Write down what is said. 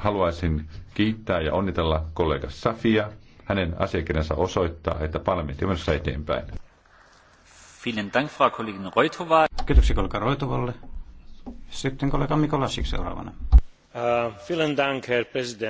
haluaisin kiittää ja onnitella kollega Safia. Hänen asiakirjansa osoittaa, että parlamentti on eteenpäin. Vielen Dank, Frau Kollegin Reutova. Kiitoksia kollega Reutovalle. Sitten kollega Mikolasik seuraavana. Uh, vielen Dank, Herr